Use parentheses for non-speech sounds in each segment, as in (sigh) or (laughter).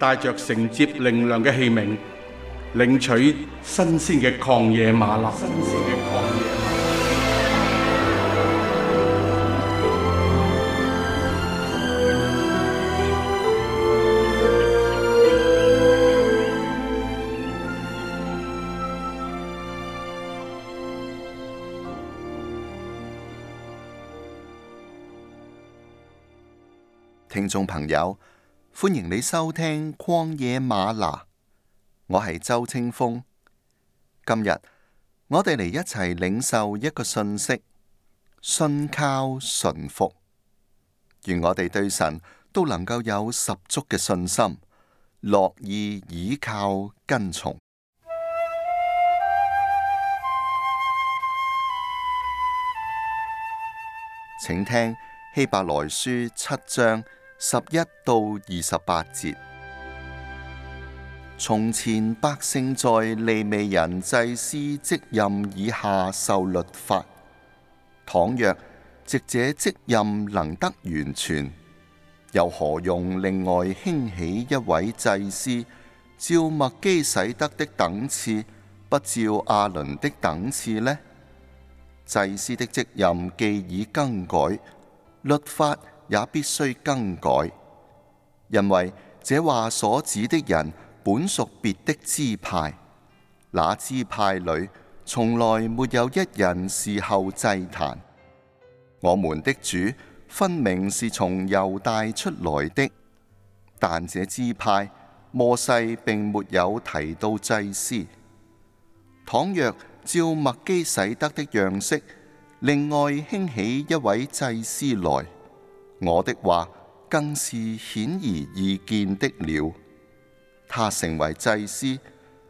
帶着承接靈糧嘅器皿，領取新鮮嘅曠野嗎哪。新鮮嘅曠野嗎哪。聽眾朋友。歡迎你收聽曠野嗎哪，我係周清風。今日我哋嚟一齊領受一個信息，信靠順服，願我哋對神都能夠有十足嘅信心，樂意倚靠跟從。請聽希伯來書七章。十一到二十八節，從前百姓在利未人祭司職任以下受律法。倘若職者職任能得完全，又何用另外興起一位祭司，照墨基洗得的等次，不照阿倫的等次呢？祭司的職任既已更改，律法。也必須更改，因為這話所指的人本屬別的支派，那支派裏從來沒有一人伺候祭壇。我們的主分明是從猶大出來的，但這支派摩西並沒有提到祭司。倘若照麥基洗德的樣式，另外興起一位祭司來。我的話更是顯而易見的了。他成為祭司，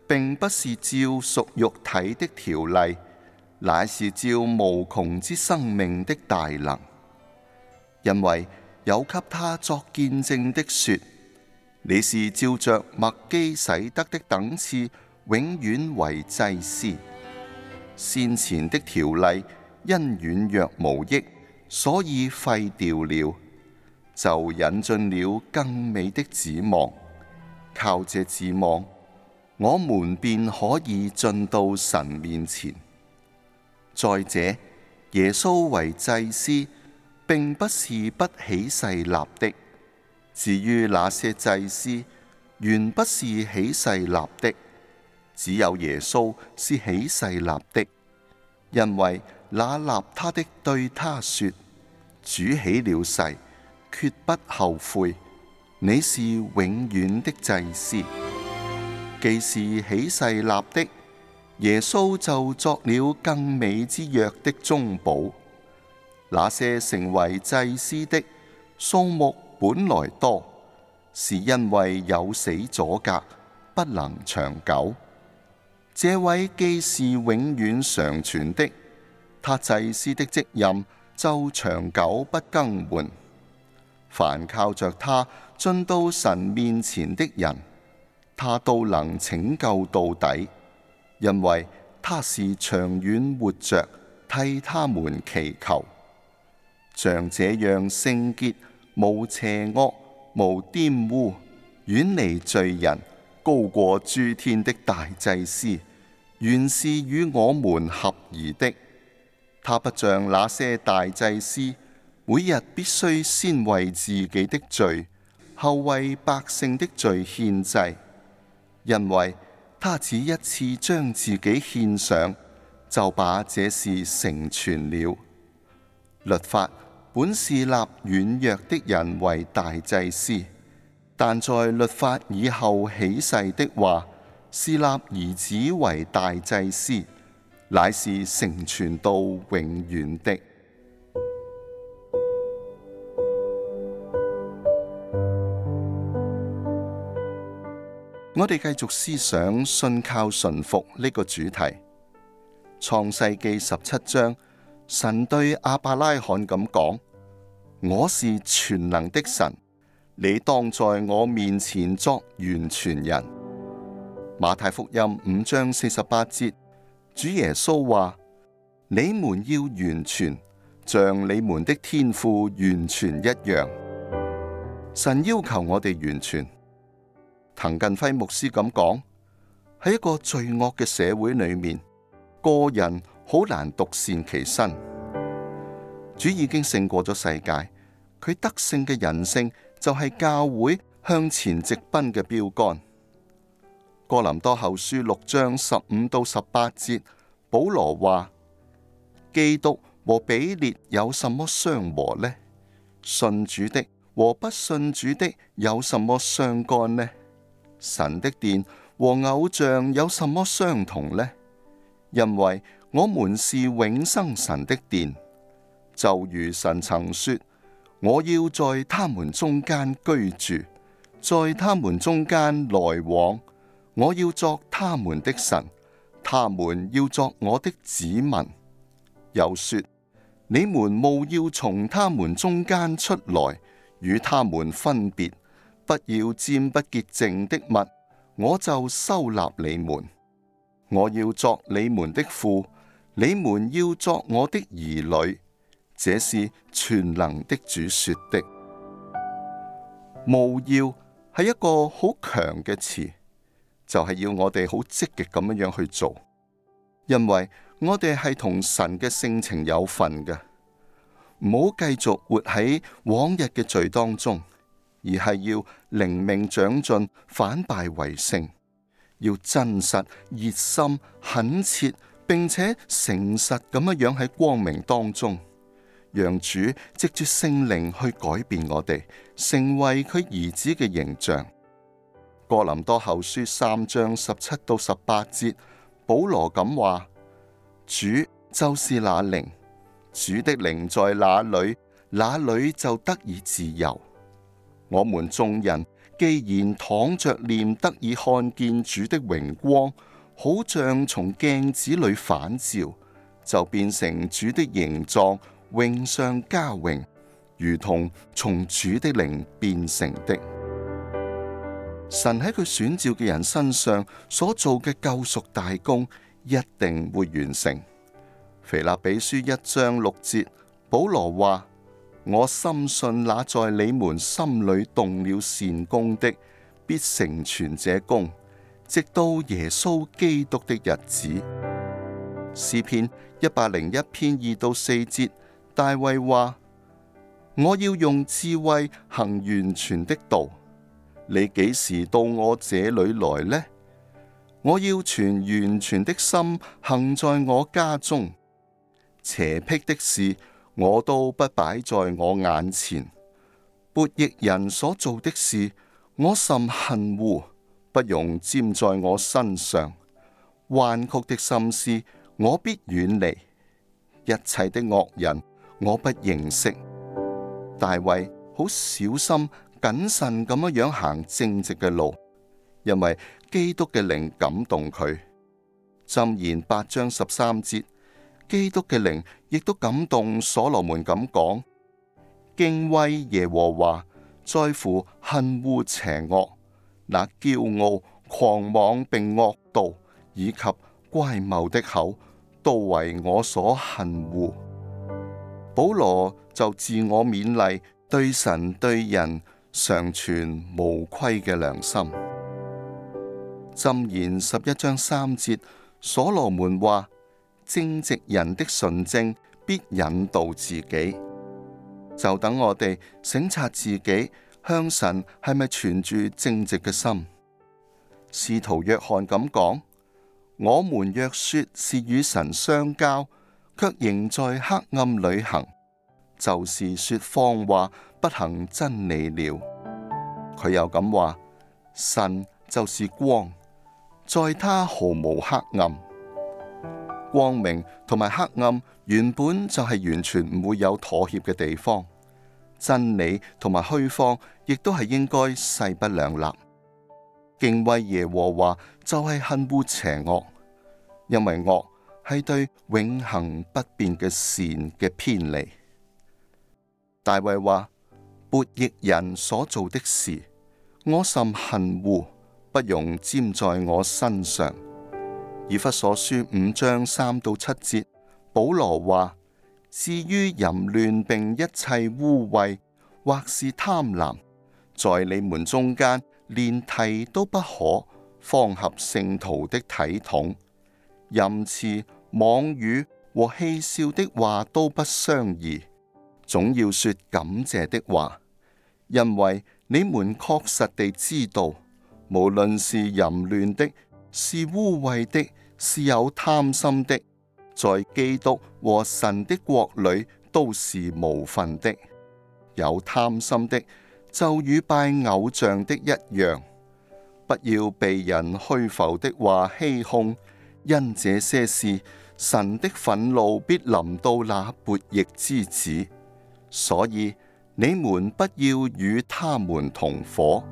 並不是照屬肉體的條例，乃是照無窮之生命的大能。因為有給他作見證的說：你是照着麥基洗德的等次，永遠為祭司。先前的條例因軟弱無益。所以廢掉了，就引進了更美的指望。靠這指望，我們便可以進到神面前。再者，耶穌為祭司，並不是不起誓立的。至於那些祭司，原不是起誓立的，只有耶穌是起誓立的，因為。那立他的對他說：主起了誓，決不後悔。你是永遠的祭司，既是起誓立的，耶穌就作了更美之約的中保。那些成為祭司的，數目本來多，是因為有死阻隔，不能長久。這位既是永遠常存的。他祭司的職任就長久不更換，凡靠着他進到神面前的人，他都能拯救到底，因為他是長遠活着，替他們祈求。像這樣聖潔、無邪惡、無玷污、遠離罪人、高過諸天的大祭司，原是與我們合宜的。他不像那些大祭司，每日必須先為自己的罪，後為百姓的罪獻祭，因為他只一次將自己獻上，就把這事成全了。律法本是立軟弱的人為大祭司，但在律法以後起誓的話，是立兒子為大祭司。乃是成全到永遠的。 (noise) 我哋繼續思想信靠順服呢、這個主題。創世記十七章，神對亞伯拉罕咁講：我是全能的神，你當在我面前作完全人。馬太福音五章四十八節。主耶穌話：你們要完全，像你們的天父完全一樣。神要求我哋完全。滕近輝牧師咁講：喺一個罪惡嘅社會裏面，個人好難獨善其身。主已經勝過咗世界，佢得勝嘅人性就係教會向前直奔嘅標杆。哥林多後書六章十五到十八節，保羅話：基督和比列有什麼相和呢？信主的和不信主的有什麼相干呢？神的殿和偶像有什麼相同呢？因為我們是永生神的殿，就如神曾說：我要在他們中間居住，在他們中間來往。我要作他們的神，他們要作我的子民。又說：你們務要從他們中間出來，與他們分別，不要沾不潔淨的物，我就收納你們。我要作你們的父，你們要作我的兒女。這是全能的主說的。務要係一個好強嘅詞。就係要我哋好積極咁樣去做，因為我哋係同神嘅性情有份嘅，唔好繼續活喺往日嘅罪當中，而係要靈命長進，反敗為勝，要真實、熱心、懇切，並且誠實咁樣樣喺光明當中，讓主藉住聖靈去改變我哋，成為佢兒子嘅形象。哥林多後書三章十七到十八節，保羅咁話：主就是那靈，主的靈在哪裏，那裏就得以自由。我們眾人既然敞着臉，得以看見主的榮光，好像從鏡子裏反照，就變成主的形狀，榮上加榮，如同從主的靈變成的。神喺佢選召嘅人身上所做嘅救贖大工一定會完成。腓立比書一章六節，保羅話：我深信那在你們心裡動了善工的，必成全這工，直到耶穌基督的日子。詩篇一百零一篇二到四節，大衛話：我要用智慧行完全的道。你幾時到我這裏來呢？我要存完全的心行在我家中，邪僻的事我都不擺在我眼前，悖逆人所做的事我甚恨惡，不容沾在我身上，彎曲的心思我必遠離，一切的惡人我不認識。大衛好小心。謹慎咁樣樣行正直嘅路，因為基督嘅靈感動佢。箴言八章十三節，基督嘅靈亦都感動所羅門咁講：敬畏耶和華在乎恨惡邪惡，那驕傲狂妄並惡道以及乖謬的口，都為我所恨惡。保羅就自我勉勵，對神對人。常存無虧嘅良心。箴言十一章三節，所羅門話：正直人的純正必引導自己。就等我哋省察自己，向神係咪存住正直嘅心。使徒約翰咁講：我們若說是與神相交，卻仍在黑暗旅行，就是說謊話。不行真理了，佢又咁話：神就是光，在他毫無黑暗。光明同埋黑暗原本就係完全唔會有妥協嘅地方，真理同埋虛妄亦都係應該勢不兩立。敬畏耶和華就係恨惡邪惡，因為惡係對永恆不變嘅善嘅偏離。大衛話。悖逆人所做的事，我甚恨惡，不容沾在我身上。以弗所書五章三到七節，保羅話：至於淫亂並一切污穢，或是貪婪，在你們中間連提都不可，方合聖徒的體統。淫詞妄語和嬉笑的話都不相宜，總要說感謝的話。因為你們確實地知道，無論是淫亂的，是污穢的，是有貪心的，在基督和神的國裏都是無份的。有貪心的，就與拜偶像的一樣。不要被人虛浮的話欺哄，因這些事，神的憤怒必臨到那悖逆之子。所以。你們不要與他們同伙。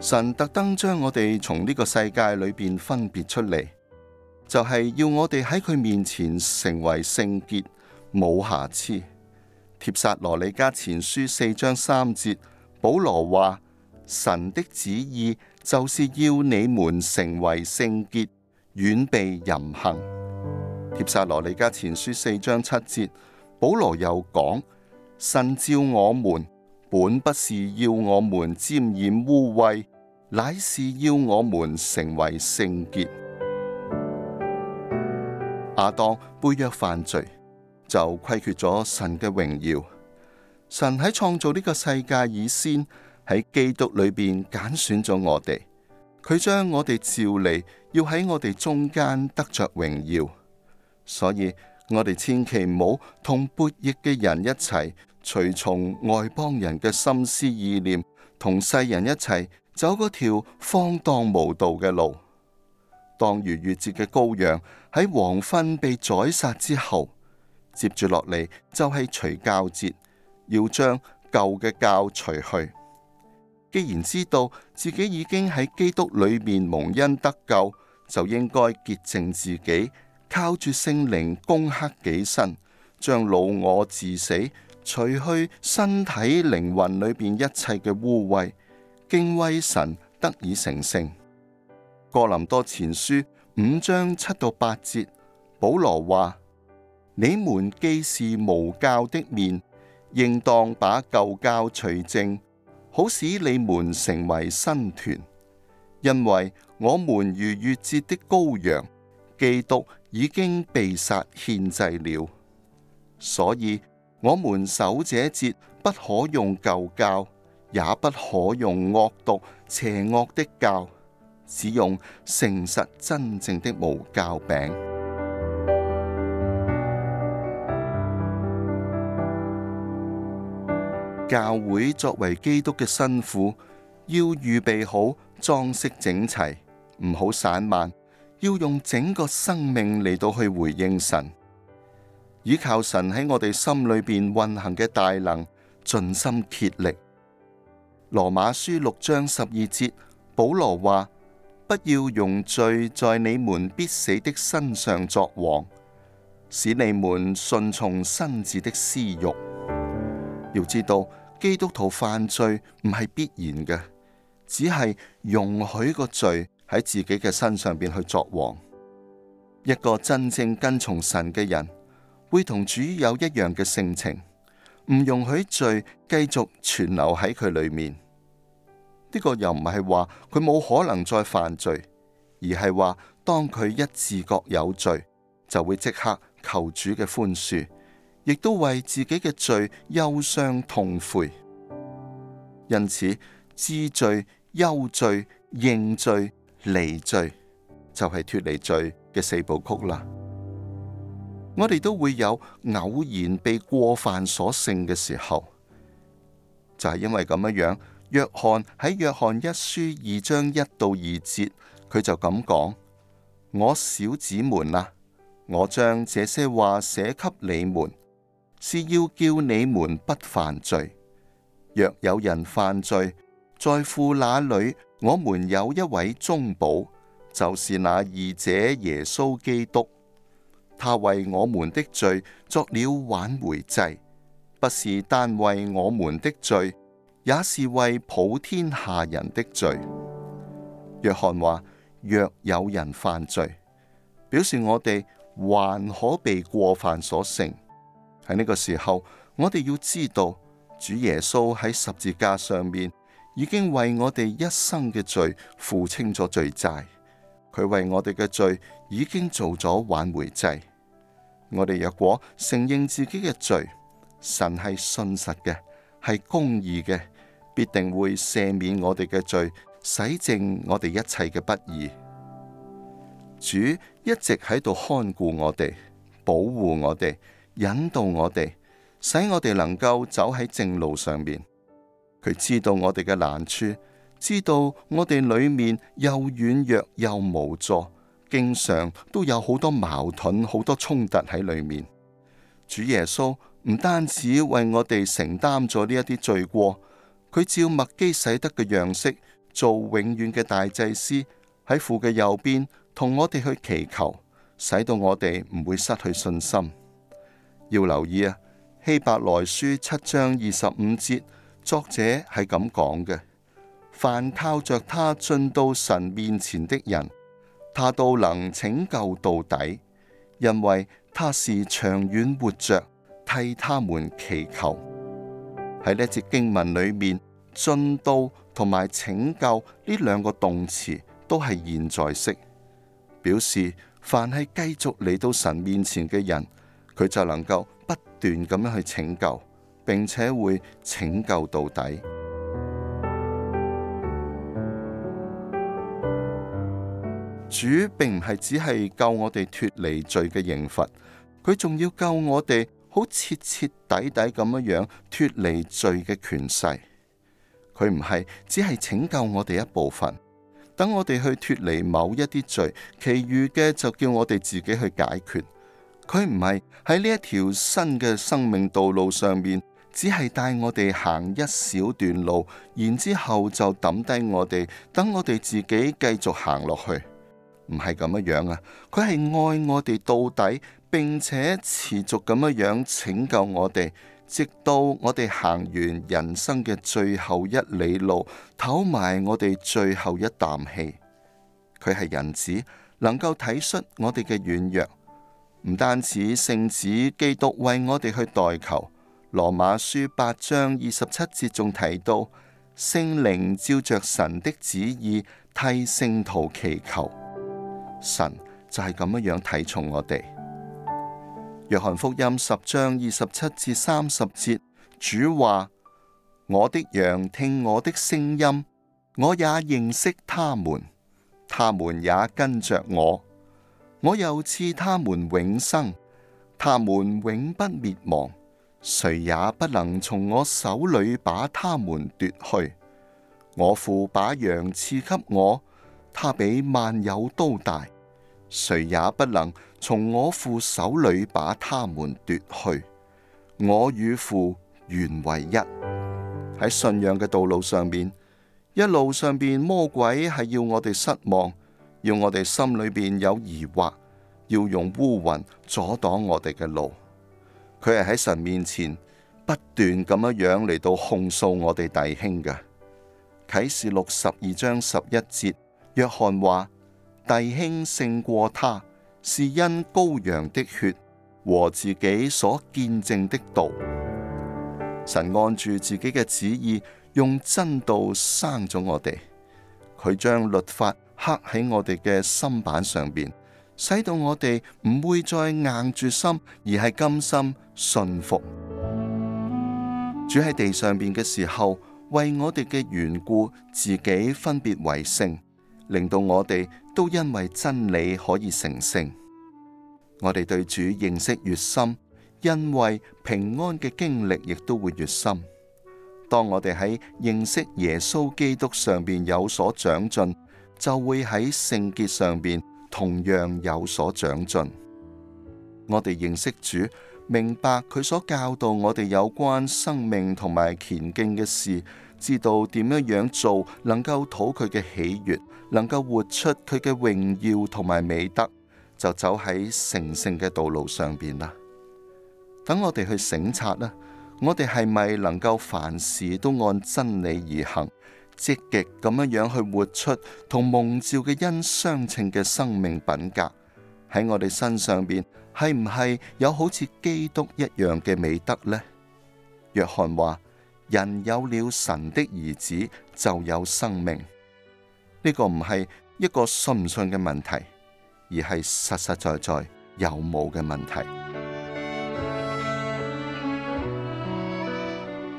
神特登將我哋從呢個世界裏邊分別出嚟，就係、是、要我哋喺佢面前成為聖潔，冇瑕疵。帖撒羅尼迦前書四章三節，保羅話：神的旨意就是要你們成為聖潔，遠避淫行。帖撒羅尼迦前書四章七節，保羅又講：神召我們，本不是要我們沾染污穢，乃是要我們成為聖潔。亞當背約犯罪，就虧缺咗神嘅榮耀。神喺創造呢個世界以先，喺基督裡面揀選咗我哋，佢將我哋召嚟，要喺我哋中間得着榮耀，所以，我哋千祈唔好同悖逆嘅人一齊，隨從外邦人嘅心思意念，同世人一齊走嗰條荒蕩無道嘅路。當逾越節嘅羔羊喺黃昏被宰殺之後，接住落嚟，就係除酵節，要將舊嘅酵除去。既然知道自己已經喺基督裏面蒙恩得救，就應該潔淨自己。靠住聖靈攻克己身，將老我治死，除去身體靈魂裏邊一切嘅污穢，敬畏神得以成聖。哥林多前書五章七到八節，保羅話：你們既是無酵的面，應當把舊酵除淨，好使你們成為新團。因為我們逾越節的羔羊，基督。已經被殺獻祭了，所以我們守這節不可用舊酵，也不可用惡毒邪惡的酵，只用誠實真正的無酵餅。教會作為基督嘅新婦，要預備好，裝飾整齊，唔好散漫。要用整個生命嚟到去回應神，倚靠神喺我哋心裏面運行嘅大能，盡心竭力。羅馬書六章十二節，保羅話：不要用罪在你們必死的身上作王，使你們順從身子的私欲。要知道基督徒犯罪唔係必然嘅，只係容許個罪。喺自己嘅身上邊去作王。一個真正跟從神嘅人，會同主有一樣嘅性情，唔容許罪繼，繼續存留喺佢裏面。呢個又唔係話佢冇可能再犯罪，而係話當佢一自覺有罪，就會即刻求主嘅寬恕，亦都為自己嘅罪憂傷痛悔。因此，知罪、憂罪、認罪。離罪就係、是、脫離罪嘅四部曲啦。我哋都會有偶然被過犯所勝嘅時候，就係、是、因為咁樣。約翰喺約翰一書二章一到二節，佢就咁講：我小子們啊，我將這些話寫給你們，是要叫你們不犯罪。若有人犯罪，在父那裏。我們有一位中保，就是那二者耶穌基督。他為我們的罪作了挽回祭，不是單為我們的罪，也是為普天下人的罪。約翰話：若有人犯罪，表示我哋還可被過犯所勝。」喺呢個時候，我哋要知道主耶穌喺十字架上面。已經為我哋一生嘅罪付清咗罪債，佢為我哋嘅罪已經做咗挽回祭。我哋若果承認自己嘅罪，神係信實嘅，係公義嘅，必定會赦免我哋嘅罪，洗淨我哋一切嘅不義。主一直喺度看顧我哋，保護我哋，引導我哋，使我哋能夠走喺正路上面。佢知道我哋嘅難處，知道我哋裏面又軟弱又無助，經常都有好多矛盾、好多衝突喺裏面。主耶穌唔單止為我哋承擔咗呢一啲罪過，佢照麥基洗德嘅樣式做永遠嘅大祭司喺父嘅右邊，同我哋去祈求，使到我哋唔會失去信心。要留意啊，《希伯來書》七章二十五節。作者係咁講嘅：凡靠着他進到神面前的人，他都能拯救到底，因為他是長遠活着，替他們祈求。喺呢節經文裏面，進到同埋拯救呢兩個動詞都係現在式，表示凡係繼續嚟到神面前嘅人，佢就能夠不斷咁樣去拯救。並且會拯救到底。主並唔係只係救我哋脫離罪嘅刑罰，佢仲要救我哋好徹徹底底咁樣樣脫離罪嘅權勢。佢唔係只係拯救我哋一部分，等我哋去脫離某一啲罪，其餘嘅就叫我哋自己去解決。佢唔係喺呢一條新嘅生命道路上面，只係帶我哋行一小段路，然之後就抌低我哋，等我哋自己繼續行落去，唔係咁樣樣啊！佢係愛我哋到底，並且持續咁樣樣拯救我哋，直到我哋行完人生嘅最後一里路，唞埋我哋最後一啖氣。佢係人子，能夠體恤我哋嘅軟弱，唔單止聖子基督為我哋去代求。羅馬書八章二十七節仲提到，聖靈照着神的旨意替聖徒祈求，神就係咁樣睇重我哋。約翰福音十章二十七至三十節，主話：我的羊聽我的聲音，我也認識他們，他們也跟着我，我又賜他們永生，他們永不滅亡。誰也不能從我手裏把他們奪去，我父把羊賜給我，他比萬有都大，誰也不能從我父手裏把他們奪去，我與父原為一。喺信仰嘅道路上面，一路上面魔鬼係要我哋失望，要我哋心裏面有疑惑，要用烏雲阻擋我哋嘅路。佢係喺神面前不斷咁樣樣嚟到控訴我哋弟兄嘅。啟示錄十二章十一節，約翰話弟兄勝過他，是因羔羊的血和自己所見證的道。神按住自己嘅旨意，用真道生咗我哋，佢將律法刻喺我哋嘅心板上邊。使到我哋唔會再硬住心，而係甘心信服。主喺地上邊嘅時候，為我哋嘅緣故，自己分別為聖，令到我哋都因為真理可以成聖。我哋對主認識越深，因為平安嘅經歷亦都會越深。當我哋喺認識耶穌基督上邊有所長進，就會喺聖潔上邊。同樣有所長進，我哋認識主，明白佢所教導我哋有關生命同埋虔敬嘅事，知道點樣樣做，能夠討佢嘅喜悅，能夠活出佢嘅榮耀同埋美德，就走喺成聖嘅道路上邊啦。等我哋去省察啦，我哋係咪能夠凡事都按真理而行？積極咁樣樣去活出同蒙召嘅恩相稱嘅生命品格，喺我哋身上邊係唔係有好似基督一樣嘅美德呢？約翰話：人有了神的兒子，就有生命。呢、呢個唔係一個信唔信嘅問題，而係實實在在,在有冇嘅問題。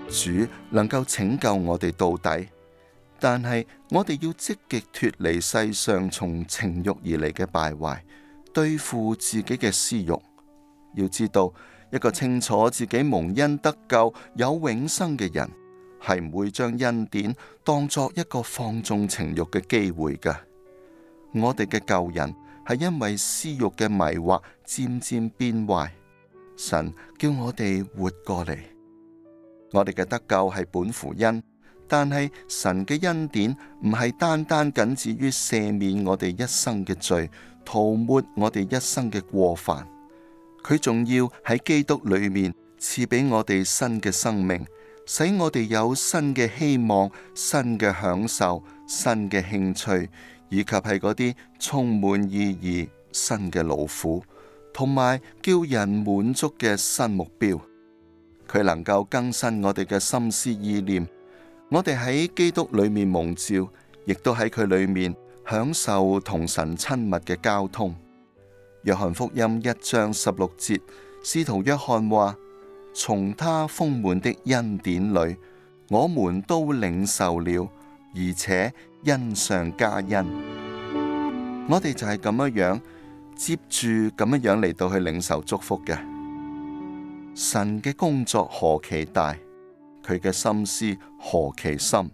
主能夠拯救我哋到底。但係我哋要積極脫離世上從情欲而嚟嘅敗壞，對付自己嘅私欲。要知道一個清楚自己蒙恩得救有永生嘅人，係唔會將恩典當作一個放縱情欲嘅機會嘅。我哋嘅舊人係因為私欲嘅迷惑，漸漸變壞。神叫我哋活過嚟，我哋嘅得救係本乎恩。但係神嘅恩典唔係單單僅止於赦免我哋一生嘅罪，塗抹我哋一生嘅過犯，佢仲要喺基督裏面賜俾我哋新嘅生命，使我哋有新嘅希望、新嘅享受、新嘅興趣，以及係嗰啲充滿意義、新嘅勞苦，同埋叫人滿足嘅新目標。佢能夠更新我哋嘅心思意念。我哋喺基督裏面蒙照，亦都喺佢裏面享受同神親密嘅交通。約翰福音一章十六節，使徒約翰話：從他豐滿的恩典裏，我們都領受了，而且恩上加恩。我哋就係咁樣樣，接住咁樣樣嚟到去領受祝福嘅。神嘅工作何其大！佢嘅心思何其深，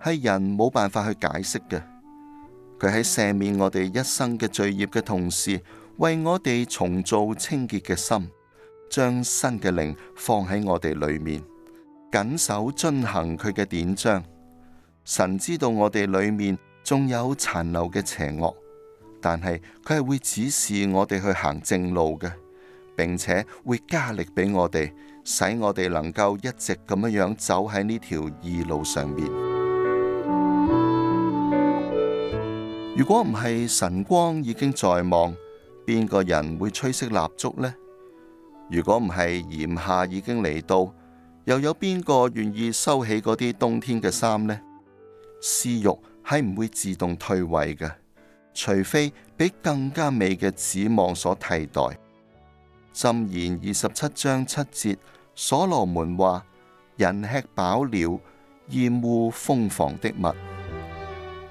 係人冇辦法去解釋嘅。佢喺赦免我哋一生嘅罪孽嘅同時，為我哋重造清潔嘅心，將新嘅靈放喺我哋裏面，謹守遵行佢嘅典章。神知道我哋裏面仲有殘留嘅邪惡，但係佢係會指示我哋去行正路嘅，並且會加力俾我哋。使我哋能夠一直咁樣走喺呢條異路上面。如果唔係晨光已經在望，邊個人會吹熄蠟燭呢？如果唔係炎夏已經嚟到，又有邊個願意收起嗰啲冬天嘅衫呢？私欲係唔會自動退位嘅，除非俾更加美嘅指望所替代。箴言二十七章七節。所羅門話：人吃飽了，厭惡蜂房的蜜。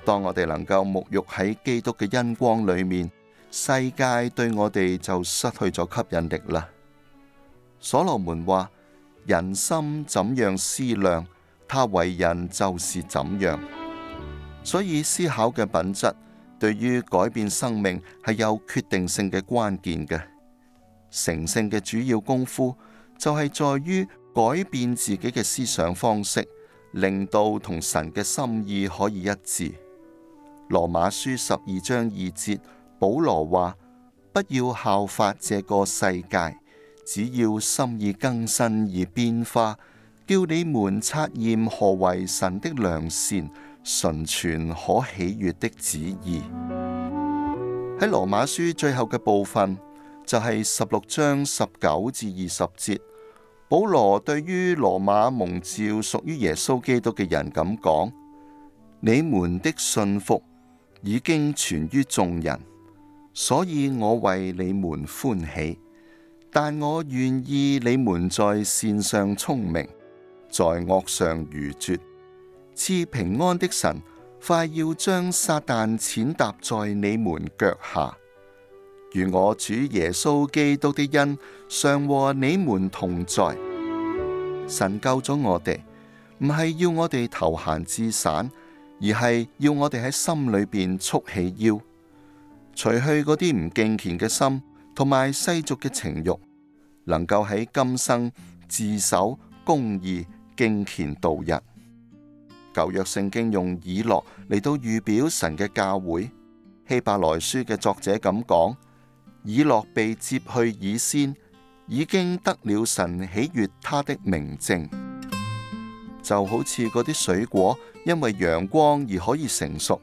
當我哋能夠沐浴喺基督嘅恩光裏面，世界對我哋就失去咗吸引力啦。所羅門話：人心怎樣思量，他為人就是怎樣。所以思考嘅品質，對於改變生命係有決定性嘅關鍵嘅，成聖嘅主要功夫。就係在於改變自己嘅思想方式，令到同神嘅心意可以一致。羅馬書十二章二節，保羅話：不要效法這個世界，只要心意更新而變化，叫你們察驗何為神的良善、純全、可喜悦的旨意。喺羅馬書最後嘅部分。就係十六章十九至二十節，保羅對於羅馬蒙召屬於耶穌基督嘅人咁講：你們的信服已經傳於眾人，所以我為你們歡喜，但我願意你們在善上聰明，在惡上愚拙。賜平安的神快要將撒旦踐踏在你們腳下。如我主耶穌基督的恩常和你們同在，神救咗我哋，唔係要我哋投閒置散，而係要我哋喺心裏邊束起腰，除去嗰啲唔敬虔嘅心，同埋世俗嘅情欲，能夠喺今生自守公義敬虔度日。舊約聖經用以諾嚟到預表神嘅教會，希伯來書嘅作者咁講。以諾被接去以先，已經得了神喜悅他的明證，就好似嗰啲水果因為陽光而可以成熟。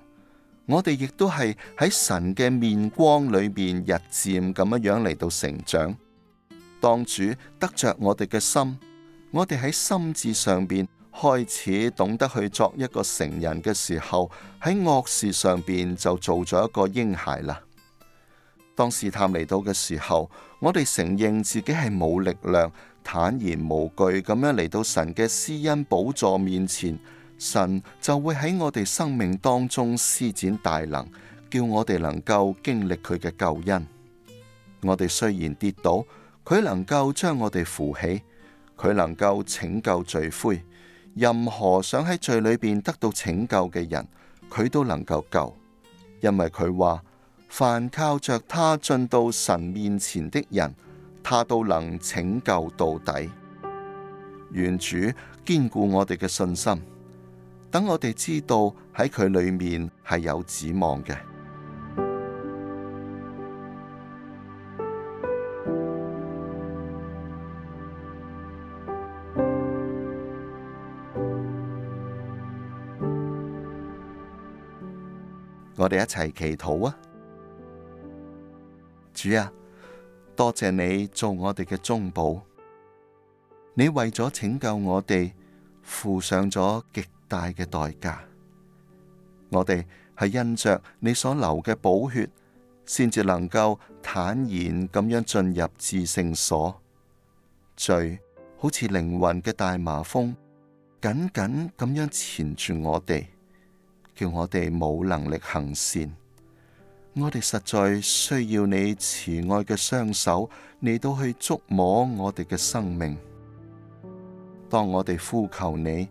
我哋亦都係喺神嘅面光裏面日漸咁樣樣嚟到成長。當主得着我哋嘅心，我哋喺心智上邊開始懂得去作一個成人嘅時候，喺惡事上邊就做咗一個嬰孩啦。當試探嚟到嘅時候，我哋承認自己係冇力量，坦然無懼咁樣嚟到神嘅施恩寶座面前，神就會喺我哋生命當中施展大能，叫我哋能夠經歷佢嘅救恩。我哋雖然跌倒，佢能夠將我哋扶起，佢能夠拯救罪魁。任何想喺罪裏面得到拯救嘅人，佢都能夠救，因為佢話。凡靠着他進到神面前的人，他都能拯救到底。願主堅固我哋嘅信心，等我哋知道喺佢裏面係有指望嘅。 (noise) 我哋一齊祈禱啊！主啊，多謝你做我哋嘅中保，你為咗拯救我哋，付上咗極大嘅代價。我哋係因着你所流嘅寶血，先至能夠坦然咁樣進入至聖所。罪好似靈魂嘅大麻風，緊緊咁樣纏住我哋，叫我哋冇能力行善。我哋實在需要你慈愛嘅雙手，你都去觸摸我哋嘅生命。當我哋呼求你，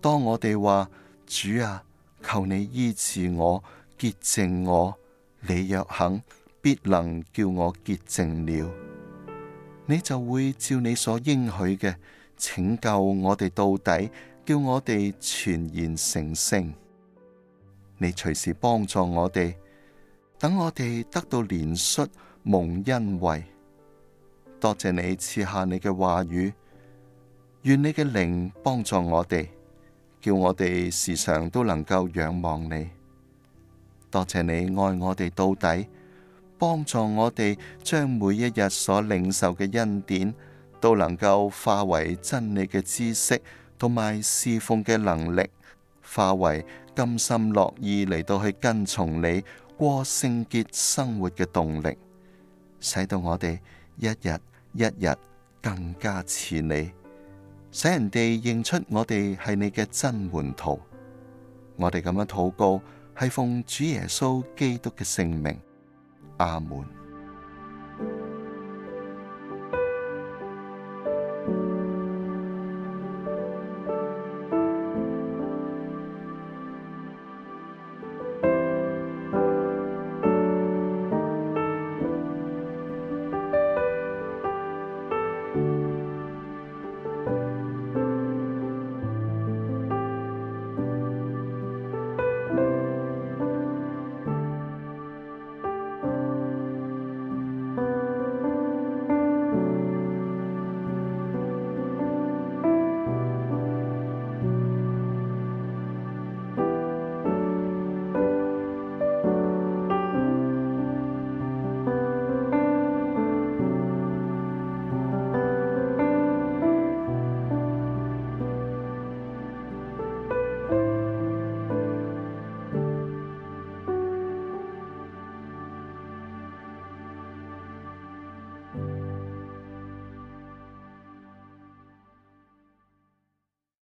當我哋話主啊，求你醫治我、潔淨我，你若肯，必能叫我潔淨了。你就會照你所應許嘅，拯救我哋到底，叫我哋全然成聖。你隨時幫助我哋。等我哋得到憐恤、蒙恩惠。多謝你賜下你嘅話語，願你嘅靈幫助我哋，叫我哋時常都能夠仰望你。多謝你愛我哋到底，幫助我哋將每一日所領受嘅恩典都能夠化為真理嘅知識，同埋侍奉嘅能力，化為甘心樂意嚟到去跟從你，過聖潔生活嘅動力，使到我哋一日一日更加似你，使人哋認出我哋係你嘅真門徒。我哋咁樣禱告，係奉主耶穌基督嘅聖名。阿門。